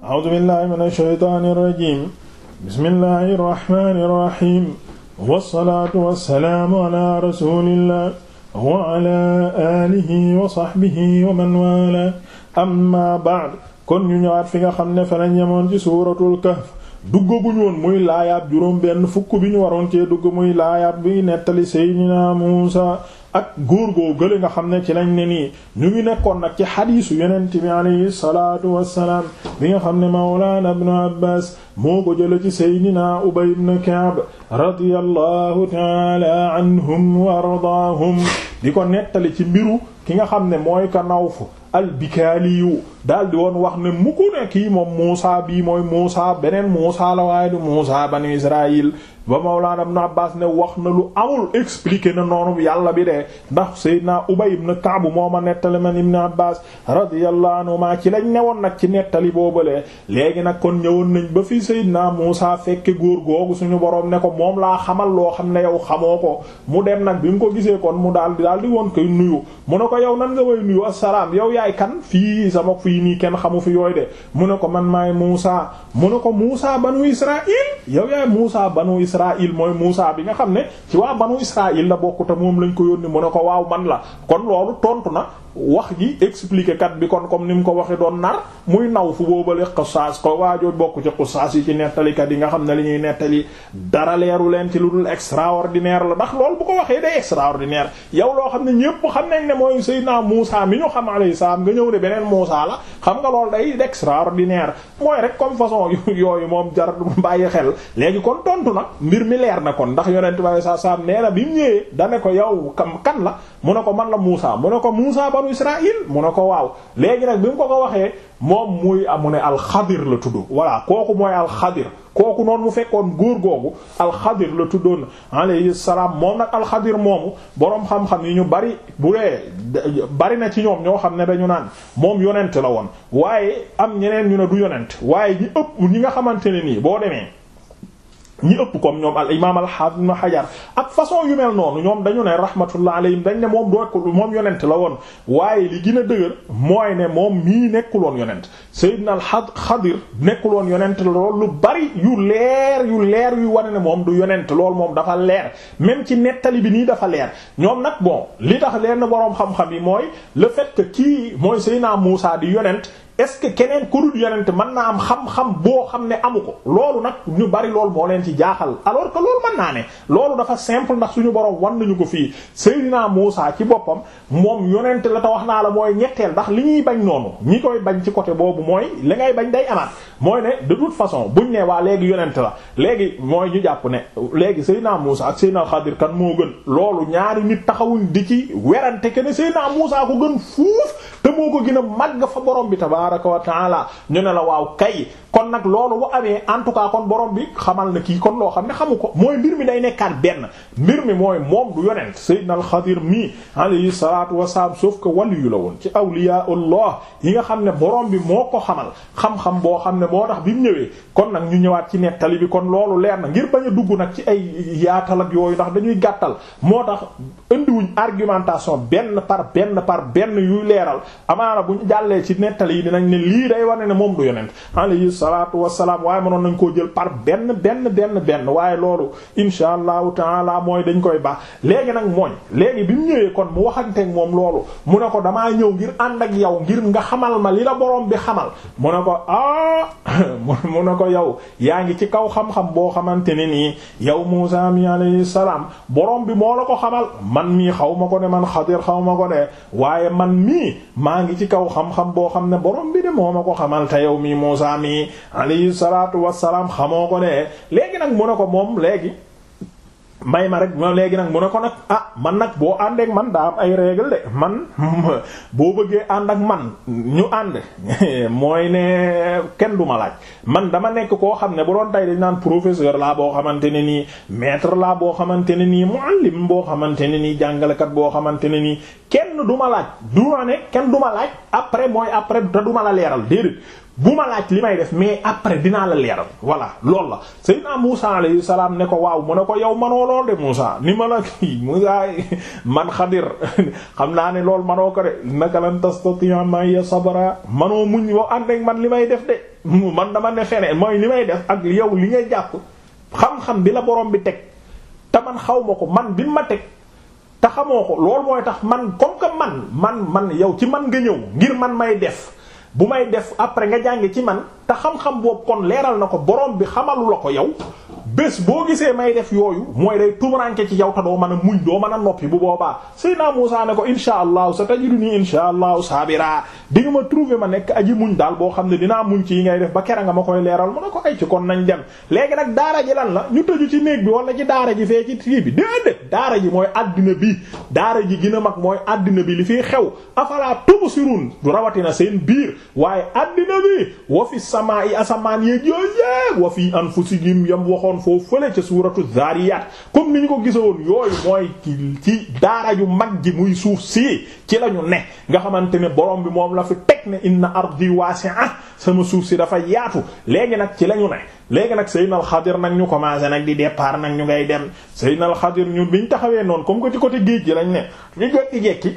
a'uuzu billaahi mina shaytaani rajiim bismillaahi rahmaani rahiim wassalaatu wassalaamu alaa rasuulillaah wa alaa aalihi wa sahbihi wa man waalaa ammaa ba'd kon ñu ñëwaat fi nga xam ne fa lañ yemoon ci suuratul kahf duggaguñu woon muy laayaab juróom benn fukk bi ñu waroon cee dugg muy laayaab bi nettali Seydina Muusa ak góor goo gële nga xam ne ci lañ ne nii ñu ngi nekkoon nag ci xadiisu yonent bi alayhi salaatu wassalaam bi nga xam ne mawlaana ibnu Abbaas moo ko jële ci Seydina Ubay ibn Ka'b radiyallahu taala anhum wa ardaahum di ko nettali ci mbiru ki nga xam ne mooy ka Nawf al-Bikaaliyu daal di woon wax ne mu ko ne kii moom Muusa bii mooy Muusa beneen Muusa la waaye du Muusa banu Israil ba Mawlaana Ibn Abbaas ne wax na lu amul expliqué na noonu yàlla bi de ndax Seydina Ubay ibn Ka'b moo ma nettali man Ibn Abbaas radiyallahu anhuma ci lañ newoon nag ci nettali boobule léegi nag kon ñëwoon nañ ba fi Seydina Muusa fekke góor googu suñu boroom ne ko moom laa xamal loo xam ne yow xamoo ko mu dem nag bi mu ko gisee kon mu daal di daal di woon koy nuyu fii nii kenn xamu fi yooy de mu ne ko man maay Muusa mu ne ko Muusa banu Israil yow yaay Muusa banu Israil mooy Muusa bi nga xam ne ci waa banu Israil la bokku te moom lañ ko yónni mu ne ko waaw man la kon loolu tontu na wax ji expliquer kat bi kon comme ni mu ko waxee doon nar muy naw fu boobale xusaas ko waajoo bokk ci xusaas yi ci nettalikat yi nga xam ne li ñuy nettali dara leeru leen ci lu dul extraordinaire la ndax loolu bu ko waxee day extraordinaire yow loo xam ne ñépp xam nañ ne mooy Seydina Muusa mi ñu xam alayhi salaam nga ñëw ne beneen Muusa la xam nga loolu day extraordinaire mooy rek comme façon yooyu moom jar bàyyi xel léegi kon tontu nag mbir mi leer na kon ndax yonent bi alayhi salaam nee na bi ñëwee da ko yow kam kan la mu ne ko man la Muusa mu ne ko Muusa banu Israil mu ne ko waaw léegi nag bi mu ko ko waxee moom muy amu ne alxadir la tudd voilà kooku mooy alxadir kooku noonu mu fekkoon góor googu alxadir la tuddoon alayhi salaam moom nag alxadir moomu boroom xam-xam yi ñu bari bu dee bari na ci ñoom ñoo xam ne dañu naan moom yonent la woon waaye am ñeneen ñu ne du yonent waaye ñi ëpp ñi nga xamante ne nii boo demee ñi ëpp comme ñoom al imaam al haafid ibn hajar ak façon yu mel noonu ñoom dañu ne rahmatullah alayhim dañ ne moom doo ko moom yonent la woon waaye li gën a dëgër mooy ne moom mii nekkuloon yonent sayyidna al xadir nekkuloon yonent lool lu bari yu leer yu leer yu wane ne moom du yonent lool moom dafa leer même ci nettali bi nii dafa leer ñoom nag bon li tax leen boroom xam-xam yi mooy le fait que kii mooy sayyidna Muusa di yonent est-ce que keneen ku dul yonent mën naa am xam-xam boo xam ne amu ko loolu nag ñu bari loolu moo leen ci jaaxal alors que loolu mën naa ne loolu dafa simple ndax suñu borom wan nañu ko fii naa Muusa ci boppam moom yonent la te wax naa la mooy ñetteel ndax li ñuy bañ noonu ñi koy bañ ci côté boobu mooy li ngay bañ day amaat mooy ne de façon buñ ne waa léegi yonent la léegi mooy ñu jàpp ne léegi Seydina Muusa ak Seydina Xadir kan moo gën loolu ñaari nit taxawuñ di ci werante que ne Seydina Muusa ko gën fuuf te moo ko gën mag màgg fa borom bi tabaar tabaraka wa taala ñu ne la waaw kay kon nag loolu bu amee en tout cas kon borom bi xamal na kii kon loo xam ne xamu ko mooy mbir mi day nekkaat benn mbir mi mooy moom du yonent sayyidna al-Xadir mi alayhi salatu wasalaam sauf que waliyu la woon ci awliya Allah yi nga xam ne borom bi moo ko xamal xam-xam boo xam ne moo tax bi mu ñëwee kon nag ñu ñëwaat ci nettali bi kon loolu leer na ngir bañ a dugg nag ci ay yaatal ak yooyu ndax dañuy gàttal moo tax indiwuñ argumentation benn par benn par benn yuy leeral amaana bu ñu jàllee ci nettali yi dinañ ne lii day wane ne moom du yonent alayhi salaatu wassalaam waaye mënoon nañ koo jël par benn benn benn benn waaye loolu insha allahu taala mooy dañ koy baax léegi nag mooy léegi bi mu ñëwee kon mu waxanteeg moom loolu mu ne ko damaa ñëw ngir ànd ak yow ngir nga xamal ma li la boroom bi xamal mu ne ko ah mu ne ko yow yaa ngi ci kaw xam-xam boo xamante ne nii yow Muusaa mi alayhi ñi ma ko de man xadir xaw ma ko de waaye man mii maa ngi ci kaw xam-xam boo xam ne borom bi de moo ma ko xamal te yow mii Muusaa mii alayhi salaatu wassalaam xamoo ko de léegi nag mu ko moom léegi may ma rek ma léegi nag mu ne ko nag ah man nag boo àndeek man daa am ay règle de man boo bëggee ànd ak man ñu ànd mooy ne kenn du ma laaj man dama nekk koo xam ne bu doon tey dañ naan professeur laa boo xamante ne nii maître laa boo xamante ne nii muallim boo xamante ne nii jàngalekat boo xamante ne nii kenn du ma laaj du ma ne kenn du ma laaj après mooy après te du ma la leeral déedéet bu ma laaj li may def mais après dinaa la leeral voilà loolu la Seydina Muusa alayhi salaam ne ko waaw mu ne ko yow manoo lool de Muusa ni ma la kii Muusa man Xadir xam naa ne loolu manoo ko de naka lan tastati'a ma'iya sabra manoo muñ wa ànd ak man li may def de man dama ne feneen mooy li may def ak yow li nga jàpp xam-xam bi la borom bi teg te man xaw ma ko man bi ma teg te xamoo ko loolu mooy tax man comme que man man man yow ci man nga ñëw ngir man may def bu may def après nga jànge ci man te xam-xam boobu kon leeral na ko borom bi xamalu ko yow bés boo gisee may def yooyu mooy day tumuranke ci yow te doo mën a muñ doo mën a noppi bu boobaa Seydina Muusaa ne ko insha allahu sa tajidu nii insha allahu sabira di nga ma trouver ma nekk aji muñ daal boo xam ne dinaa muñ ci yi ngay def ba kera nga ma koy leeral mu ne ko ay kon nañ dem léegi nag daara ji lan la ñu tëju ci néeg bi wala ci daara ji fee ci tii bi déedéet daara ji mooy àddina bi daara ji gën a mag mooy àddina bi li fiy xew afala tubsirun du rawatina seen biir waaye àddina bi wa fi samaa'i asamaan yéeg yooyu yéeg wa fi anfusihim yam woon foofu fële ca suuratu zaariyaat comme ni ñu ko gisa woon yooyu mooy ci daara yu mag ji muy suuf si ci la ñu ne nga xamante ne borom bi moom la fi teg ne inna ardi wasi'a sama suuf si dafa yaatu léegi nag ci la ñu ne léegi nag Seydina Al Xadir nag ñu commencé nag di départ nag ñu ngay dem Seydina Al Xadir ñun biñ taxawee noon comme que ci côté géej gi lañ ne ñu jekki jekki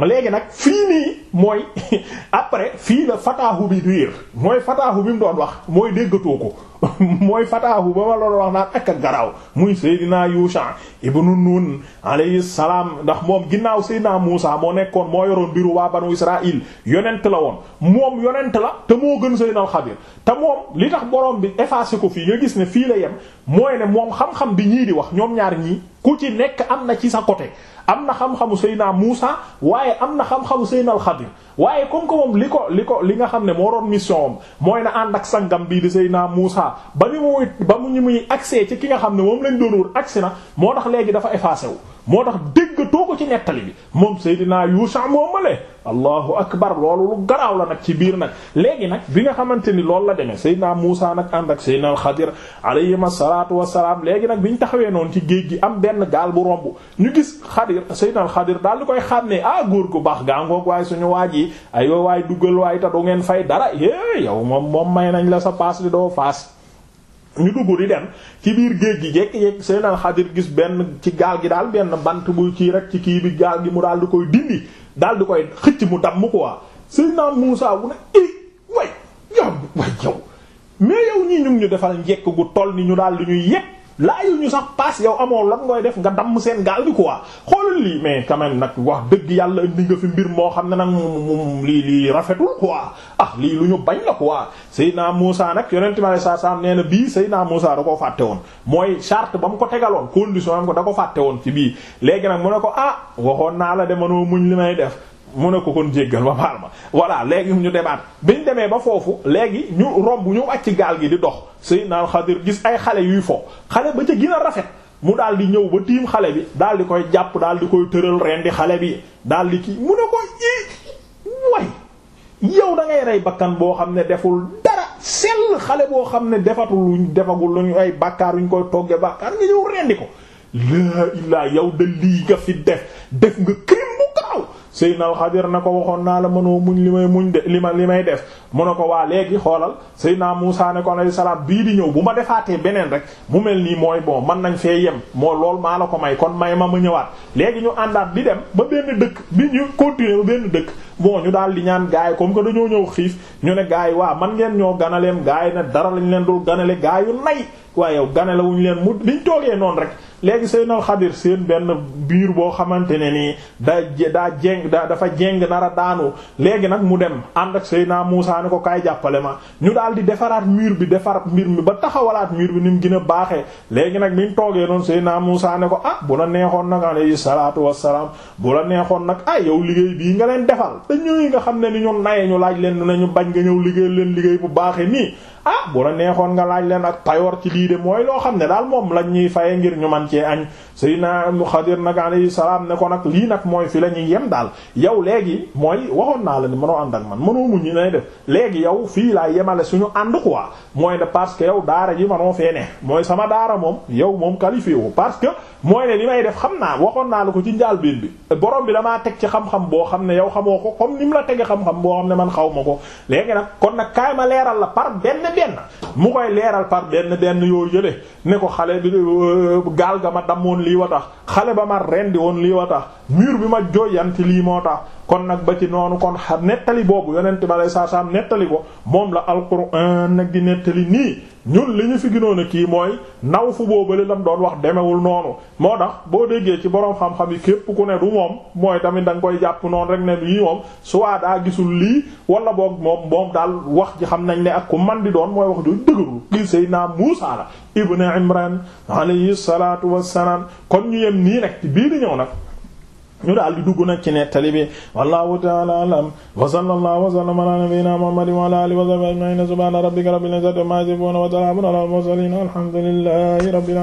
léegi nag fii nii mooy après fii la fataahu bi riir mooy fataahu bi mu doon wax mooy déggatoo ko mooy fataahu ba ma loolu wax naan ak a garaaw muy Seydina Yusha ibnu Nun alayhi salaam ndax moom ginnaaw Seydina Muusa moo nekkoon moo yoroon mbiru waa banu Israil yonent la woon moom yonent la te moo gën Seydina Xadir te moom li tax borom bi effacé ko fii nga gis ne fii la yem mooy ne moom xam-xam bi ñii di wax ñoom ñaar ñii ku ci nekk am na ci sa côté am na xam-xamu naa Muusa waaye am na xam-xamu Seydina Alxadir waaye comme que moom li ko li ko li nga xam ne moo doon mission am mooy na ànd ak sangam bii di Seydina Muusa ba ni muy ba mu ñu muy accès ci ki nga xam ne moom lañ doon wër accès na moo tax léegi dafa effacé wu moo tax déggatoo ko ci nettali bi moom Seydina Yusha moo male allahu akbar loolu lu garaaw la nag ci biir nag léegi nag bi nga xamante ni loolu la demee Seydina Muusa nag ànd ak Seydina al-Xadir alayhim asalaatu wasalaam léegi nag bi ñu taxawee noonu ci géej gi am benn gaal bu romb ñu gis Xadir Seydina al-Xadir daal di koy xàmmee ah góor gu baax gaangoog waaye suñu waaj yi aywa waaye duggal waaye ta du ngeen fay dara é yow moom moom may nañ la sa paas di doo faas ñu dugg di dem ci biir géej gi jekki-jekki seen Xadir gis benn ci gaal gi daal benn bant bu ci rek ci kii bi gaal gi mu daal di koy dindi daal di koy xëcc mu damm quoi Seydina Muusaa wu ne i way yow way yow mais yow ñii ñu ñu defal njekk gu toll ni ñu daal di ñuy yekk laayu ñu sax paas yow amoo lan ngoy def nga damm seen gaal bi quoi xoolal lii mais quand nag wax dëgg yàlla indi nga fi mbir moo xam ne nag moom lii lii rafetul quoi ah lii lu ñu bañ la quoi Seydina Muusa nag yonent mi alayhi salaam nee na bii Seydina Muusa da ko fàtte woon mooy charte ba mu ko tegaloon condition am ko da ko fàtte woon ci bii léegi nag mu ne ko ah waxoon naa la de mënoo muñ li may def mu ne ko kon jéggal ma baal ma voilà léegi ñu demaat biñ demee ba foofu léegi ñu romb ñu wàcc gaal gi di dox Seydina al Xadir gis ay xale yuy fo xale ba ca gën a rafet mu daal ñëw ba tiim xale bi daal di koy jàpp daal di koy tëral rendi xale bi daal di kii mu ne ko ii way yow da rey bakkan boo xam ne deful dara sell xale boo xam ne defatul luñ defagul luñu ay bàkkaar yuñ koy togge bàkkaar nga ñëw rendi ko laa illaa yow da lii nga fi def def nga crime Seydina Xadir na ko waxoon naa la mënoo muñ li may muñ de li ma li may def mu ne ko waa léegi xoolal Seydina Muusaa ne ko alayhi salaam bii di ñëw bu ma defaatee beneen rek mu mel nii mooy bon man nañ fee yem moo lool maa la ko may kon may ma mu ñëwaat léegi ñu àndaat di dem ba benn dëkk bi ñu continuer ba benn dëkk bon ñu daal di ñaan gaay comme que dañoo ñëw xiif ñu ne gaay waa man ngeen ñoo ganaleem gaay ne dara lañu leen dul ganale gaay yu nay waaye yow ganale leen mu liñ toogee noonu rek léegi Seydina Xadir seen benn biir boo xamante ne nii daa daa jéng da dafa jéng nar a léegi nag mu dem ànd ak naa Muusaa ne ko kaay jàppale ma ñu daal di defaraat mur bi defar mbir mi ba taxawalaat miir bi ni mu gën a baaxee léegi nag niñ toogee noonu naa Muusaa ne ko ah bu la neexoon nag alayhi salaatu wassalaam bu la neexoon nag ah yow liggéey bii nga leen defal te ñooñu nga xam ne ni ñoom naye ñu laaj leen ñu bañ nga ñëw liggéey leen liggéey bu baaxe nii ah bu la neexoon nga laaj leen ak payoor ci lii de mooy loo xam ne daal moom lañ ñuy faye ngir ñu man cee añ Seydina Xadir nag alayhi salaam ne ko nag lii nag mooy fi la ñuy yem daal yow léegi mooy waxoon naa la ni mënoo ànd ak man mënoo muñ ñu nay def léegi yow fii laa yemale suñu ànd quoi mooy ne parce que yow daara ji manoo fee ne mooy sama daara moom yow moom qualifié wu parce que mooy ne li may def xam naa waxoon naa la ko ci njaal biir bi borom bi damaa teg ci xam-xam boo xam ne yow xamoo ko comme ni mu la tege xam-xam boo xam ne man xaw ma ko léegi nag kon nag kaay ma leeral la par benn benn mu koy leeral par benn benn yoo yële ne ko xale bi euh, gaal ga ma damoon lii wa tax xale ba ma rendi woon lii wa tax mur bi ma jooyanti lii moo tax kon nag ba ci noonu kon xa nettali boobu yonent ba lay saa saa nettali ko moom la alquran nag di nettali nii ñun li ñu fi gënoon a kii mooy naw fu boobale lam doon wax demewul noonu moo tax boo déggee ci boroom xam-xam yi képp ku ne du moom mooy tamit da koy jàpp noonu rek ne lii moom soit daa gisul lii wala boog moom moom daal wax ji xam nañ ne ak ku man di doon mooy wax ju dëgërul kii Seydina Muusaa la ibn Imran alayhi wassalaam kon ñu yem bii di ñëw ñu daal di dugg nag ci nettali bi wallahu ta'ala a'lam wa sallallahu wa sallama ala nabiyyina muhammadin wa ala alihi wa sahbihi ajma'in subhana rabbika rabbil izzati amma yasifun wa salamun ala al mursalin alhamdulillahi rabbil alamin